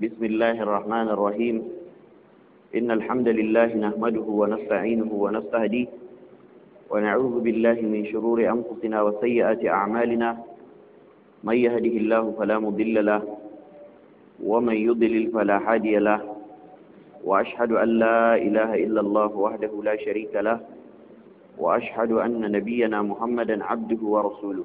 بسم الله الرحمن الرحيم إن الحمد لله نحمده ونستعينه ونستهديه ونعوذ بالله من شرور أنفسنا وسيئات أعمالنا من يهده الله فلا مضل له ومن يضلل فلا هادي له وأشهد أن لا إله إلا الله وحده لا شريك له وأشهد أن نبينا محمدا عبده ورسوله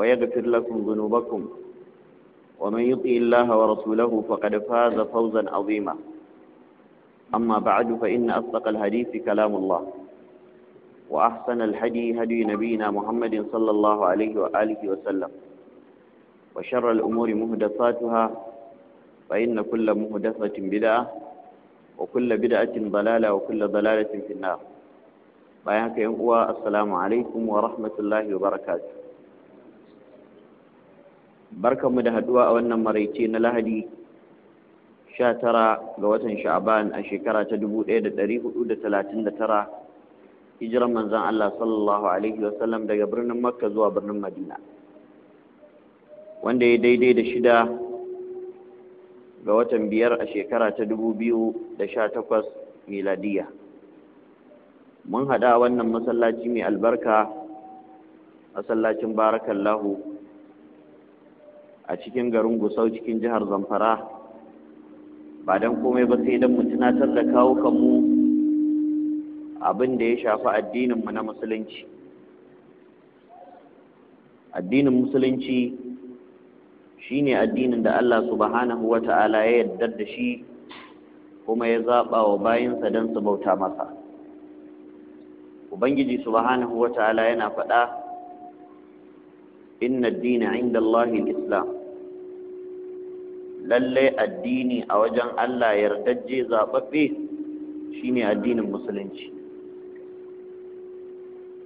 ويغفر لكم ذنوبكم ومن يطع الله ورسوله فقد فاز فوزا عظيما أما بعد فإن أصدق الحديث كلام الله وأحسن الهدي هدي نبينا محمد صلى الله عليه وآله وسلم وشر الأمور مهدثاتها فإن كل مهدثة بدعة وكل بدعة ضلالة وكل ضلالة في النار بايعك يا السلام عليكم ورحمة الله وبركاته barkanmu da haduwa a wannan maraice na lahadi 19 ga watan sha'aban a shekara ta 1439 hijiran manzan Allah sallallahu alaihi wasallam daga birnin makka zuwa birnin madina wanda ya daidai da shida ga watan biyar a shekara ta biyu da 2018 miladiya mun hada wannan masallaci mai albarka masallacin barakallahu a cikin garin gusau cikin jihar zamfara ba don komai ba sai don mu tunatar da kawo kanmu abin da ya shafi addininmu na musulunci addinin musulunci shine addinin da Allah subhanahu wa ta'ala ya yarda da shi kuma ya zaɓa wa bayinsa don su bauta masa ubangiji subhanahu wa ta'ala yana faɗa inna dina inda Allah islam lallai addini a wajen Allah yardajje zaɓaɓɓe shine addinin musulunci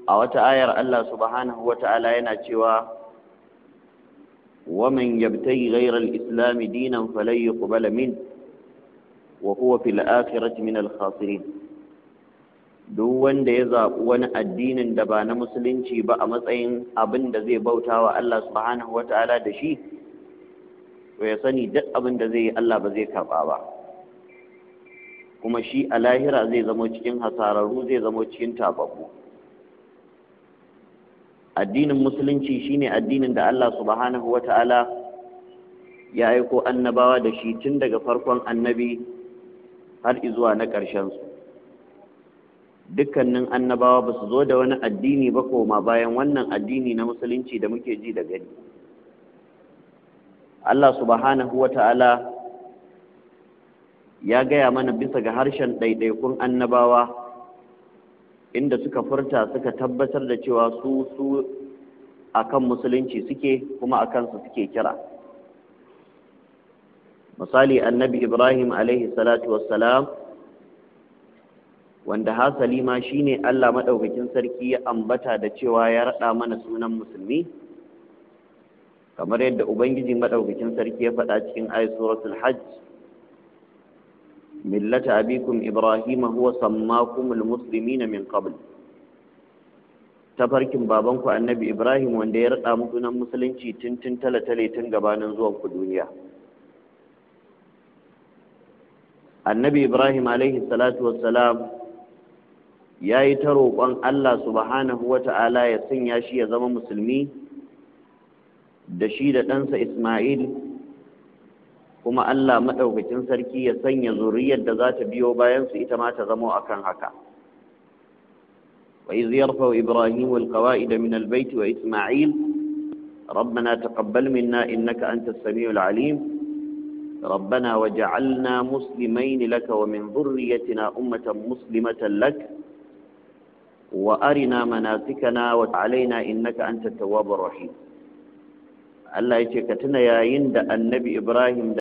a wata ayar Allah subhanahu yana cewa ومن يبتغي غير الإسلام دينا فلن يقبل منه وهو في الآخرة من duk wanda ya zaɓi wani addinin da ba na musulunci ba a matsayin abin da zai bautawa Allah subhanahu da shi to ya sani duk abin da zai yi Allah ba zai karɓa ba kuma shi a lahira zai zama cikin hasararru zai zama cikin tababu addinin musulunci shine addinin da Allah subhanahu ta'ala ya aiko annabawa da shi tun daga farkon annabi har izuwa na ƙarshen su dukkanin annabawa ba su zo da wani addini ba koma bayan wannan addini na musulunci da muke ji da gani Allah subhanahu wa ta'ala ya gaya mana bisa ga harshen ɗaiɗaikun annabawa inda suka furta suka tabbatar da cewa su su akan musulunci suke kuma a kansu suke kira misali annabi ibrahim alaihi salatu wassalam wanda hasali ma shine Allah maɗaukakin sarki ya ambata da cewa ya raɗa mana sunan musulmi kamar yadda ubangiji madaukakin sarki ya faɗa cikin ayat suratul hajj millata abikum Ibrahim huwa sammakum muslimina min qabl tafarkin babanku annabi ibrahim wanda ya rada muku nan musulunci tun tun talatale tun gabanin zuwan ku duniya annabi ibrahim alaihi salatu wassalam ya yi ta roƙon allah subhanahu ta'ala ya sanya shi ya zama musulmi da shi da ɗansa Ismail kuma Allah maɗaukacin sarki ya sanya zuriyar da za ta biyo bayansu ita ma ta zamo haka وإذ يرفع إبراهيم القواعد من البيت وإسماعيل ربنا تقبل منا إنك أنت السميع العليم ربنا وجعلنا مسلمين لك ومن ذريتنا أمة مسلمة لك وأرنا مناسكنا وتعالينا إنك أنت التواب الرحيم Allah ya ce ka tuna yayin da annabi Ibrahim